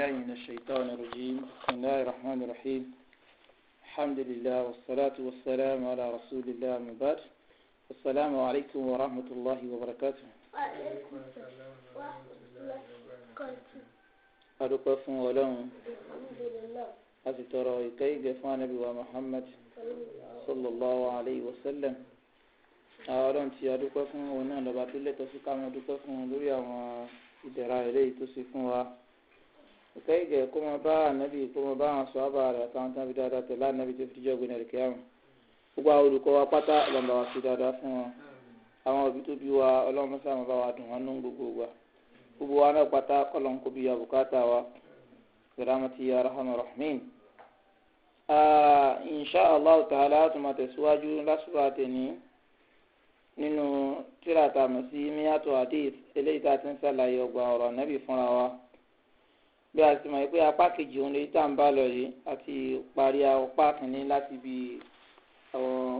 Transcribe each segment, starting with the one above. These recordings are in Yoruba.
بالله من الشيطان الرجيم بسم الله الرحمن الرحيم الحمد لله والصلاة والسلام على رسول الله مبارك السلام عليكم ورحمة الله وبركاته أدوك فن ولون أتترى كي جفان محمد صلى الله عليه وسلم ọlọ́run tí a dúpẹ́ fún òun náà lọ́ba tó lẹ́tọ̀ọ́ sí ká máa dúpẹ́ fún un lórí àwọn ìdẹ̀ra eléyìí tó ṣe fún wa ìkẹ́ ìgẹ̀ kó máa bá ànábì kó máa bá àwọn sọ àbá rẹ̀ àtàwọn tán fi dáadáa tẹ̀lé ànábì tó fi díjọ́ gbé nàìjíríà kẹ́hìn gbogbo àwọn olùkọ́ wa pátá ọlọ́mọba wa fi dáadáa fún wọn àwọn òbí tó bí wa ọlọ́mọ sáà bá wa dùn wọn nú gbogbo wa gbogbo wa náà pátá kọ́lọ́n kó bí abùkátà wa sàrámàtì arahamu rahmin. insha allah ta'ala a tún máa tẹ̀síwájú lásìkò àtẹ̀ní nínú tíratàmù sí miyato hadith eléyìí tá a ti ń sàlàyé ọgbà ọ̀rọ̀ ànábì fúnra wa bí a ti mọ̀ pé apá kejì òun lè tá à ń bá lọ yìí àti parí apá kìíní láti bí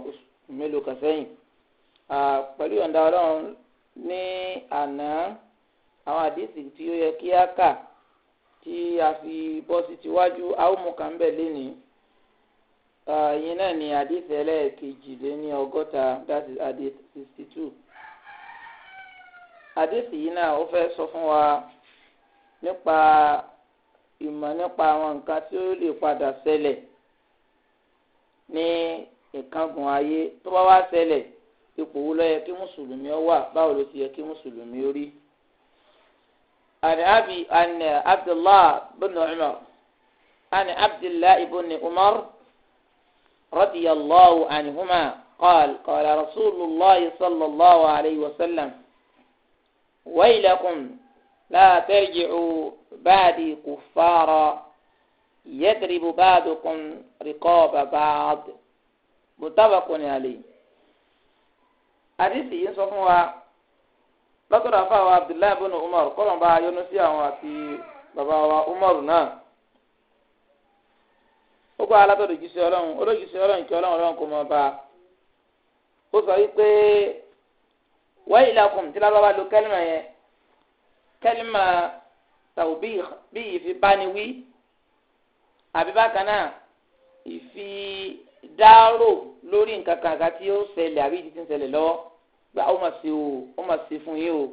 oṣù mélòó kan sẹ́yìn. pẹ̀lú ìyọ̀ǹda ọlọ́run ní àná àwọn àdéhùn tí ó yẹ kí á kà tí a fi bọ́ sí tiwájú a ó mú kàn bẹ̀ lénìí. ìyẹn náà ni àdéhùn ẹlẹ́ẹ̀kejì lé ní ọgọ́ta that is àdéhùn sixty two. àdéhùn yìí náà ó fẹ́ sọ fún wa nípa ìmọ̀ nípa àwọn nǹkan tí ó lè padà ṣẹlẹ̀ ní ìkángun ayé tó bá wá ṣẹlẹ̀ ipò wo ló yẹ kí mùsùlùmí ó wà báwo ló ti yẹ kí mùsùlùmí ó rí. عن أبي عن عبد الله بن عمر عن عبد الله بن عمر رضي الله عنهما قال قال رسول الله صلى الله عليه وسلم ويلكم لا ترجعوا بعدي كفارا يضرب بعضكم رقاب بعض متفق عليه àdìsí yìí ń sọ عبد الله بن عمر wa abdullahi bin umar kọ́lọ̀ bá yọ́nú sí àwọn àti bàbá wa umar náà ó gbọ́ alátọ̀dọ̀ jù sí ọlọ́run olójú ọlọ́run kí ọlọ́run ọlọ́run kò mọ̀ bá ó sọ wípé wáyé lakum tí lábá lo kẹ́límà yẹn kẹ́límà tàwọn bí ìfibániwí àbí bákan náà ìfi dárò lórí nǹkan kan kan tí ó ṣẹlẹ̀ àbí ìdí tí ń ṣẹlẹ̀ lọ́wọ́ gba ó mà sí o ó mà sí fún yín o.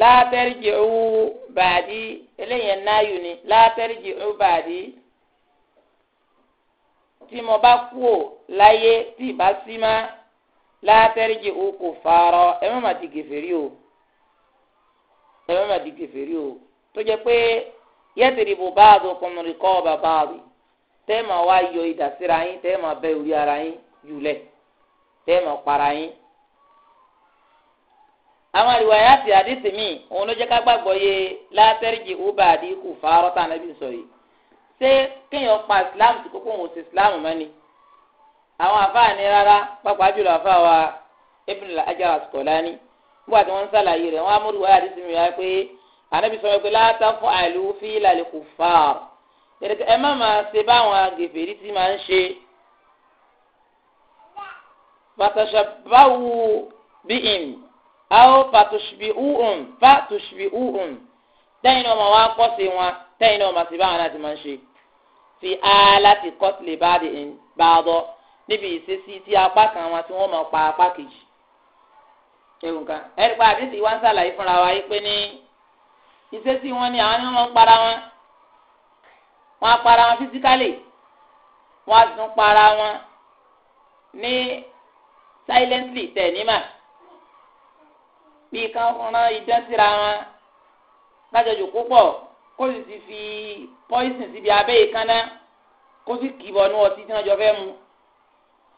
látẹ́rìjì owó bàdí eléyẹn náyò ni látẹ́rìjì owó bàdí tí mo bá kú ò láyé tí ì bá sí má látẹ́rìjì owó kò fàárọ̀ ẹ má mà ti gèfèrí o ẹ bá bá di kèfèrí o tó jẹ́ pé yẹ́tìrìbù báàdù ọkùnrin kọ́ ọba báàdù tẹ́ máa wá yọ ìdásíra yín tẹ́ máa bẹ́ orí ara yín jùlẹ̀ tẹ́ máa para yín. àwọn àríwá yá ti àdísì míì òun ló jẹ́ ká gbàgbọ́ yé látẹ́rìjì ubàdí kù fárọ́ tá a nàbí sọ yìí. ṣé kéèyàn pa islam tí kókó òun ti islam mọ́ ni. àwọn àfáà ní rárá pàápàá jùlọ àfáà wa ibn al-Hajar Asqalani nígbà tí wọ́n ń sàlàyé rẹ̀ wọ́n á múlùú wáyà dídì mìíràn pé ànábì sọ pé láàtà fún àìlú fílà lè kò fà á ẹ má máa ṣe báwọn gèfèrí ti máa ń ṣe pàtàṣà báwo bí im àwọn pàtòṣìbí ùhùn pàtòṣìbí ùhùn tẹ́yìn náà máa wá pọ̀ sí wọn tẹ́yìn náà máa ṣe báwọn náà ti máa ń ṣe fi ààlà ti kọ́ sílẹ̀ bá a dọ̀ níbi ìṣesí tí apá kan wọn tí wọ́n máa pa apá kejì ewu nǹkan ẹni pa àdìsí wa ń sàlàyé fúnra wa yìí pé ní iṣẹ́ tí wọ́n ní àwọn ni wọ́n ń para wọn wọ́n á para wọn fisikálì wọ́n á tún para wọn ní silently tẹ̀ nímà bí kan rán idán síra wọn lájọjò púpọ̀ kó sì ti fi poison síbi abẹ́ ìkànnà kó sì kì í bọ̀ ọtí tí wọ́n jọ fẹ́ mu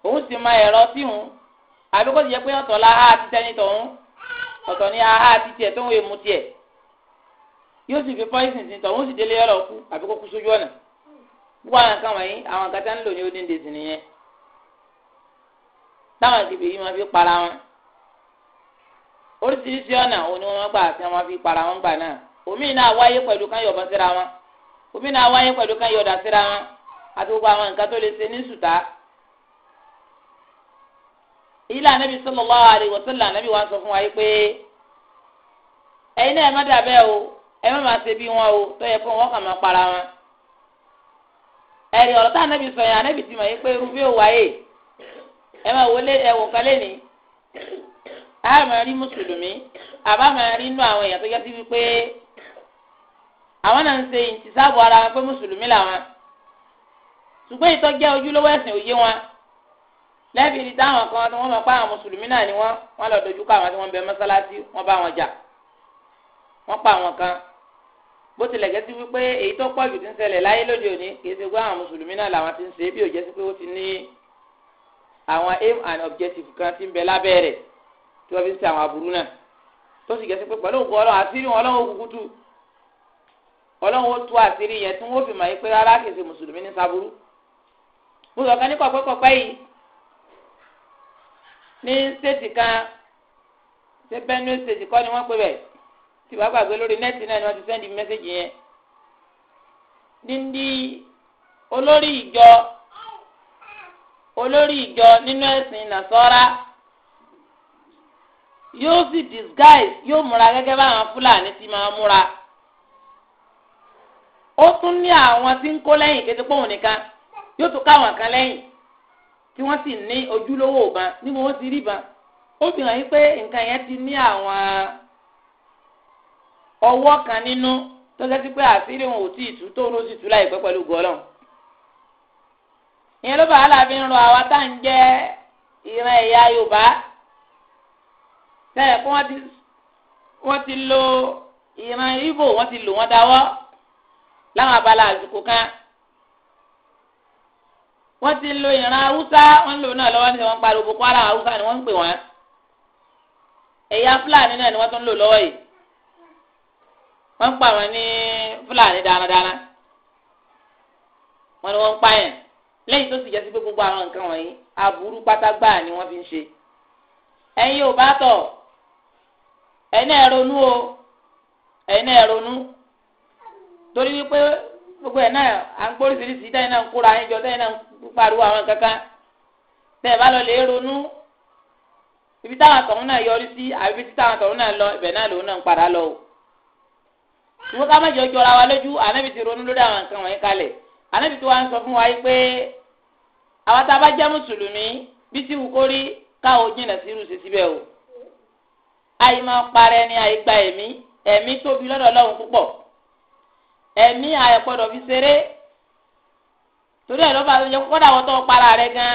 òun sì máa ẹ̀rọ sí òun àbí kó ti jẹ́ pé ọ̀tọ̀ la ha ti tẹ́ni tọ̀hún ọ̀tọ̀ ni ha ti tiẹ̀ tó ń wé mu tiẹ̀ yóò sì fi pọ́ìsìn sí tọ̀hún sì délé ọ̀rọ̀ kú àbí kó kú sójú ọ̀nà gbogbo àwọn nǹkan wọ̀nyí àwọn nǹkan tá ń lò ní ó dín dèsì nìyẹn táwọn ìdìbò yìí máa fi para wọn oríṣiríṣi ọ̀nà òní wọn gbà tí wọn fi para wọn gbà náà omi náà wáyé pẹ̀lú kan yọ̀bọ̀ síra wọn omi náà wáyé pẹ̀lú kan yọ̀dà síra wọn àti gbogbo àwọn nǹkan tó lè ṣe ní sùtá ilé anabi sallallahu alaihi wasallam anabi wa sọ fún wa yìí pé ẹ̀yin náà ẹ má dàbẹ o ẹ má máa ṣe bí wọn o tó yẹ fún wọn kàn máa para wọn ẹ̀rí ọ̀rọ̀ tá anabi sọ yẹn anabi ti mọ̀ yìí pé irú bí ó wáyé ẹ má wọlé ẹwọ kálẹ ni a máa rí mùsùlùmí àbá máa rí inú àwọn èèyàn tó yẹ sí wípé àwọn náà ń ṣe ìtìsáàbò ara wọn pé mùsùlùmí làwọn ṣùgbọ́n ìtọ́jẹ́ ojúlówó ẹ̀sìn òye wọn lẹ́bi ní táwọn kan tí wọ́n mọ̀ pé àwọn mùsùlùmí náà ni wọ́n wọ́n lọ dojú kọ àwọn tí wọ́n bẹ mọ́sálásí wọ́n bá wọn jà wọ́n pa àwọn kan bó tilẹ̀ gẹ́sí wípé èyí tó pọ̀ jù ti ń ṣẹlẹ̀ láyé lóde òní kì í ṣe pé àwọn mùsùlùmí náà làwọn ti ń ṣe é bí òjẹ́sí pé ó ti ní àwọn aim and objective kan ti ń bẹ lábẹ́ rẹ̀ tí wọ́n fi ń ṣe àwọn aburú náà tó sì gẹ́sí pé pẹ̀lú òkú ọlọ́run àṣírí wọn ọlọ́run kúkú tú ọlọ́run ó tú àṣírí yẹn tí wọ́n fi mọ̀ yín pé rárá ní stéètì kan ṣé benue stéètì kọ́ ni wọ́n pè bẹ́ẹ̀ tí wàá gbàgbé lórí nẹ́ẹ̀tì náà ni wọ́n ti sẹ́ndì mẹ́sẹ̀gì yẹn níbi olórí ìjọ olórí ìjọ nínú ẹ̀sìn nàṣọ́ra yóò sì disguise yóò múra gẹ́gẹ́ báwọn fúlàní ti máa múra ó tún ní àwọn tí ń kó lẹ́yìn kété pòun nìkan yóò tún káwọn kan lẹ́yìn tí wọ́n sì ní ojúlówó ìbọn níbo wọ́n ti rí ìbọn ó fi hàn yín pé nǹkan yẹn ti ní àwọn ọwọ́ kan nínú tó sẹ́sí pé àṣírí wọn ò tí ì tú tóun ó sì tú láìpẹ́ pẹ̀lú gọ́lọ́n ìyẹn ló bá aláàfin ń rọ àwa tá ń jẹ́ ìran ẹ̀yà Yorùbá sẹ́yìn pé wọ́n ti lo ìran Ìgbò wọ́n ti lò wọ́n dáwọ́ láwọn abala àsìkò kan wọ́n ti lo ìran haúsá wọ́n lò náà lọ́wọ́ ní wọ́n pariwo boko haram haúsá ni wọ́n ń pè wọ́n ẹ̀yà fúlàní náà ni wọ́n tún lò lọ́wọ́ yìí wọ́n ń pa wọ́n ní fúlàní dáradára wọ́n ni wọ́n ń pa yẹn lẹ́yìn tó sì jẹ́ sí pé gbogbo àwọn nǹkan wọ̀nyí aburú pátágbà ni wọ́n fi ń ṣe ẹ̀yin ò bá tọ̀ ẹ̀yin náà ronú o ẹ̀yin náà ronú torí wípé gbogbo ẹ̀ náà à ń gbóríṣiríṣi tẹ́yìn náà ń kóra ẹ̀yìn jọ tẹ́yìn náà ń pariwo àwọn kankan tẹ́ ẹ̀ bá lọ lè ronú ibi táwọn àtọ̀hún náà yọrí sí àbí ibi táwọn àtọ̀hún náà lọ ibẹ̀ náà lòun náà ń padà lọ o. ṣùgbọ́n ká má jẹ́ ojú ara wa lójú ànábì ti ronú lórí àwọn nǹkan wọ̀nyí kalẹ̀ ànábì tí wàá ń sọ fún wa pé àwa tá a bá jẹ́ mùsùlùmí bí tí wù kó rí káwọ jìnnà sí irú o. àyè máa parẹ́ ni àyè gba ẹ̀mí ẹ̀mí tóbi lọ́dọ̀ Ọlọ́run púpọ̀ ẹ̀mí àyẹ̀pọ̀dọ̀ fi ṣeré torí ẹ̀ ló bá yẹ kó dà wọ́n tó para rẹ̀ gan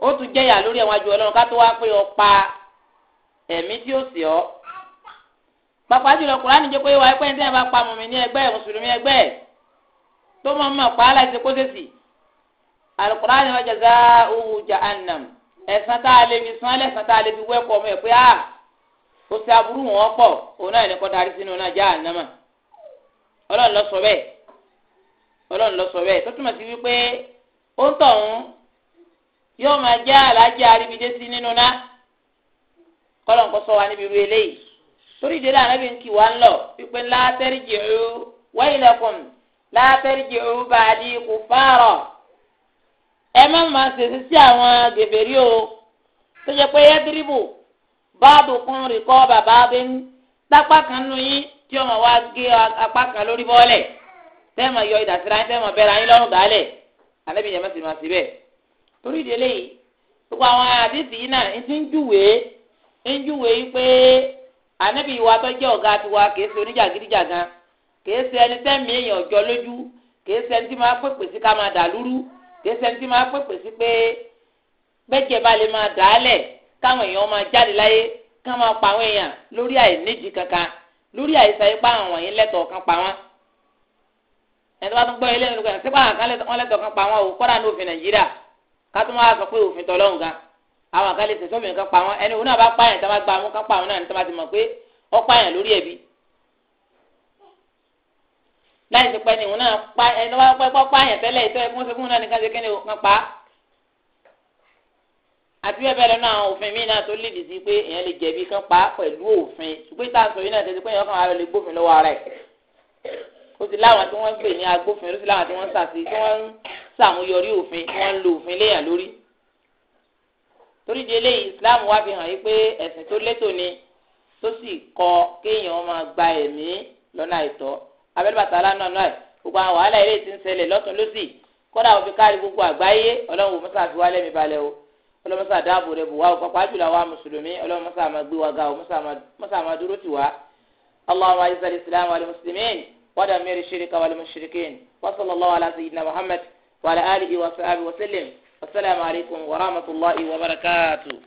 ó tún jẹ́yà lórí ẹ̀wọ̀n àjò ọlọ́run ká tó wá pé ọ pa ẹ̀mí tí ó sì ọ́ pàpà jùlọ kùránì jẹ́ pé wà ẹgbẹ́ ní tẹ́lẹ̀ bá pa mọ̀mí ní ẹgbẹ́ mùsùlùmí ẹgbẹ́ tó mọ̀ mọ̀ pa aláìsí kó sèṣì alukùránì wa jazā'uhu jahannam ẹ̀sán tá a lè fi sán lẹ́sán tá a lè fi wẹ́kọ̀ọ́ mọ̀ ẹ̀ pé a ah, ó ṣe aburú wọn pọ̀ òun náà ní kọ́ darí sínú náà jahannama ọlọ́run lọ sọ bẹ́ẹ̀ ọlọ́run lọ sọ bẹ́ẹ̀ tó túmọ̀ sí wípé ó ń tọ̀hún yóò máa já àlàájá aríbidé sí nínú ná kọ́lọ̀ nǹkan sọ wa níbi irú eléyìí torí ìdílé ànábì ń kì wá ń lọ wípé ńlá tẹ́rìjì ó wailakum la tarji'u ba'di kufara ẹ má máa ṣèṣe sí àwọn gèbèrí o tó jẹ́ pé yẹ́dírìbù báàbù kún rìkọ́ bàbá bẹ́ẹ̀ ní lápá kan nù yín tí ọmọ wa gé apá kan lórí bọ́ọ̀lẹ̀ tẹ́ẹ̀mọ̀ yọ ìdásíra yín tẹ́ẹ̀mọ̀ bẹ́ra yín lọ́rùn dálẹ̀ alẹ́ bìyẹn mọ̀sí mọ̀sí bẹ́ẹ̀. torí ìdílé yìí gbogbo àwọn àdéhùn yìí náà ti ń júwèé ń júwèé pé ànábì wa tó jẹ́ ọ̀gá tiwa kìí ṣe oníjàgídíjàgan kìí ṣe ẹni tẹ́mi èèyàn ọjọ́ lójú kìí ṣe ẹni tí máa pèpè sí ká máa dà lúrú kìí ṣe ẹni tí máa pèpè sí pé bẹ́jẹ̀ bá lè máa dàálẹ̀ káwọn èèyàn máa jáde láyé ká máa pa àwọn èèyàn lórí àìníjì kankan lórí àìsàn ipá àwọn wọ̀nyí lẹ́tọ̀ọ́ kan pa wọ́n ẹni tó bá tún gbọ́ ilé ìlú kan sípà kan wọ́n lẹ́tọ̀ọ́ kan pa wọ́n o kọ́dà ní òfin nàìjíríà ká tún wá sọ pé òfin tọ́lọ́hùn gan àwọn kan lè tẹ̀sọ́ obìnrin kan pa wọ́n ẹni òun náà bá pààyàn tó bá gba àwọn kan pa àwọn náà ní tó bá ti mọ̀ pé ó pààyàn lórí ẹ̀bi láì ti pẹ́ òun náà pààyàn tẹ́lẹ̀ ìtọ́ ẹkún àti bẹ́ẹ̀ bẹ́ẹ̀ lọ́nà àwọn òfin míì náà tó lè dì sí pé èèyàn lè jẹ̀bi kan pa pẹ̀lú òfin ṣùgbọ́n ìta sọ yìí náà tẹ́tí pé èèyàn kan ara lè gbófin lọ́wọ́ ara ẹ̀ ó ti láwọn tí wọ́n ń pè ní agbófinró sí láwọn tí wọ́n ń sàṣì tí wọ́n ń sàmúyọrí òfin tí wọ́n ń lo òfin léèyàn lórí torí di Islam wá fi hàn yí pé ẹ̀sìn tó létò ni tó sì kọ kéèyàn máa gba ẹ̀mí lọ́nà àìtọ́ abẹ́lẹ́bàtà aláǹdà náà gbogbo àwọn wàhálà eléyìí ti ń ṣẹlẹ̀ ọlọmọsá dáàbò rẹ bò wá o pàápàá jùlọ àwa mùsùlùmí ọlọmọsá máa gbé wa ga o mọsá máa dúró tì wá allahumma ayi sali islam wa alimuslimin wa da mary shirika wa alimushirikin wa sallallahu ala sayyidina muhammad wa ala wa sahabi wa sallim wa salaamu wa rahmatulahi wa barakatuh.